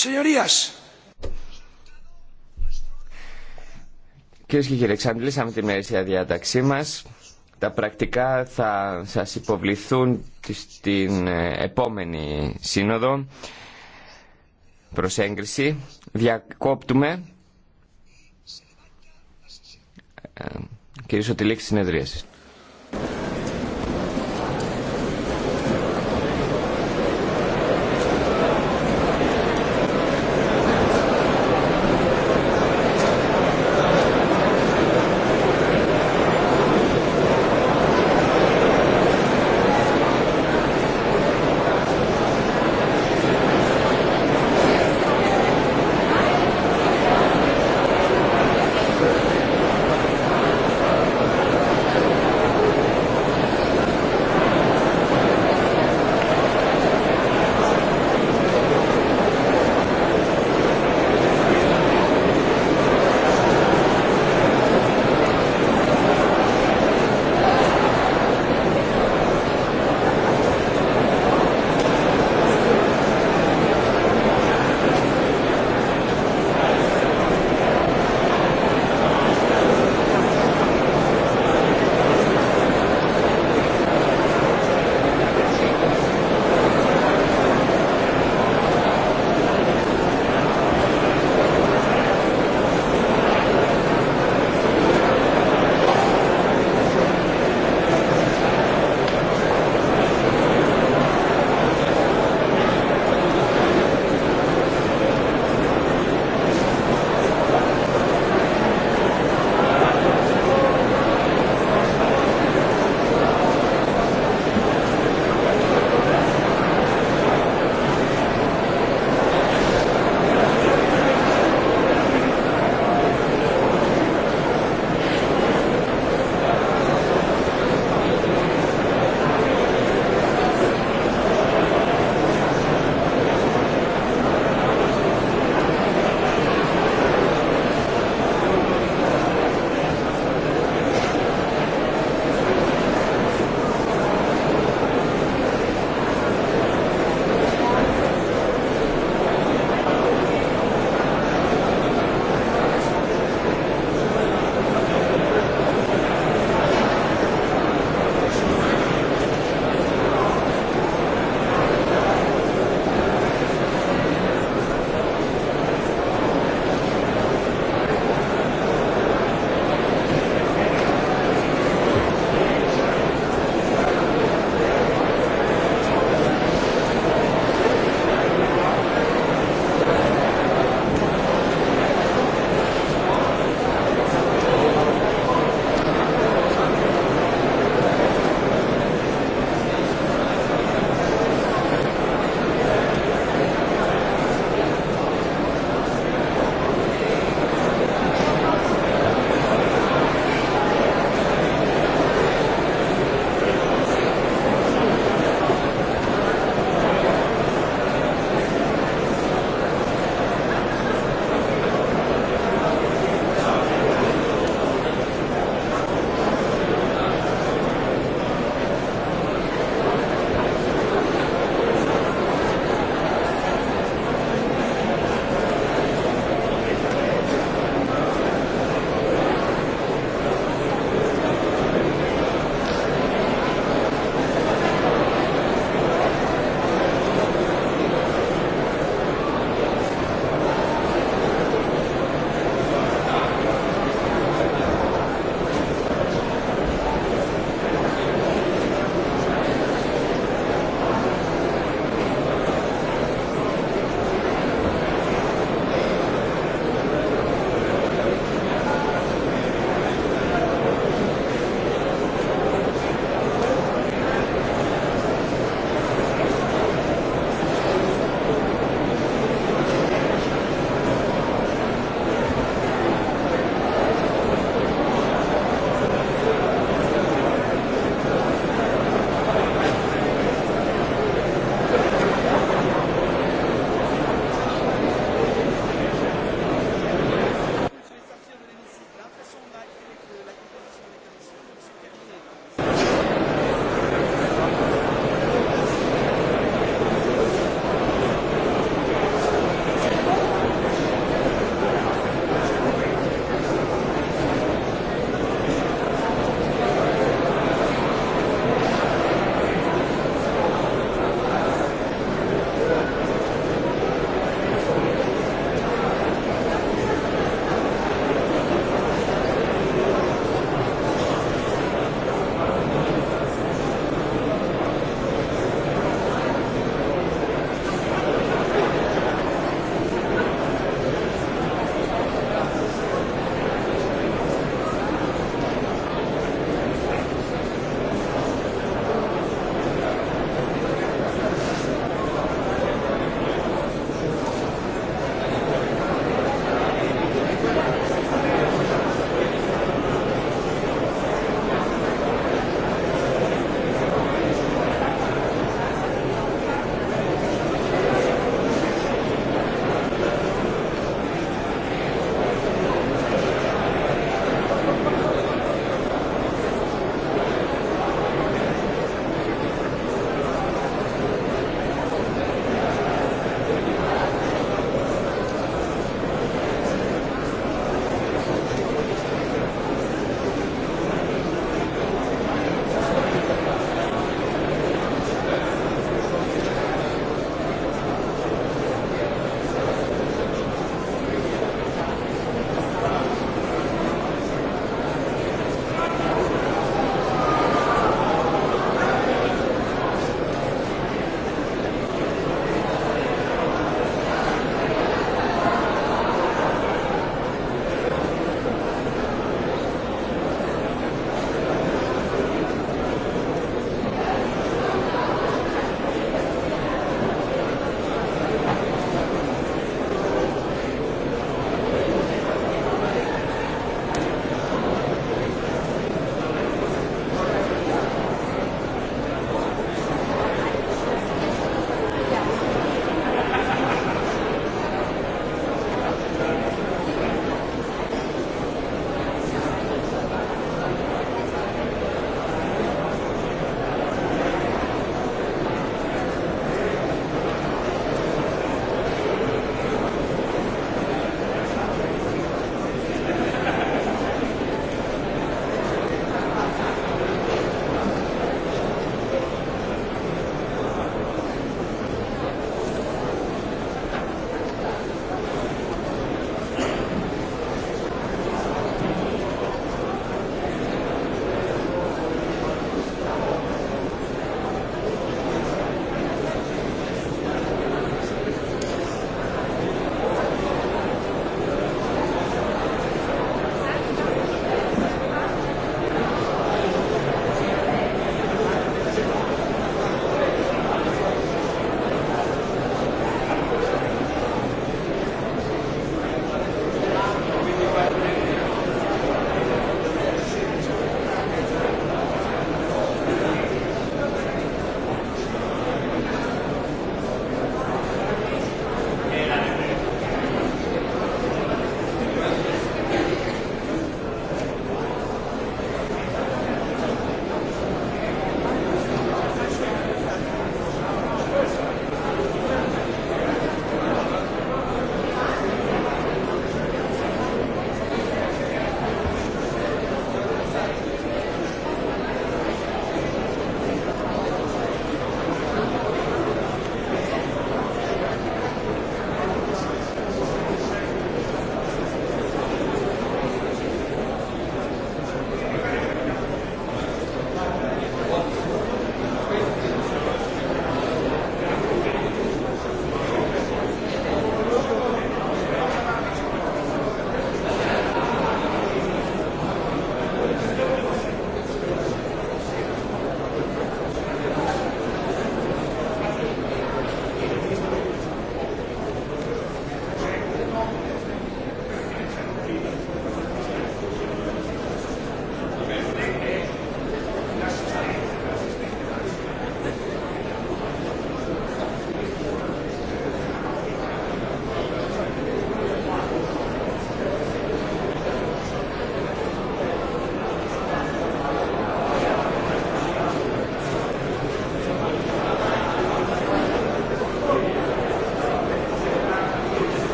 Señorías. Κυρίε και κύριοι, εξαντλήσαμε τη μερίσια διάταξή μας. Τα πρακτικά θα σας υποβληθούν στην ε, επόμενη σύνοδο προς έγκριση. Διακόπτουμε. Ε, κύριε Σωτηλίκη, συνεδρίασης.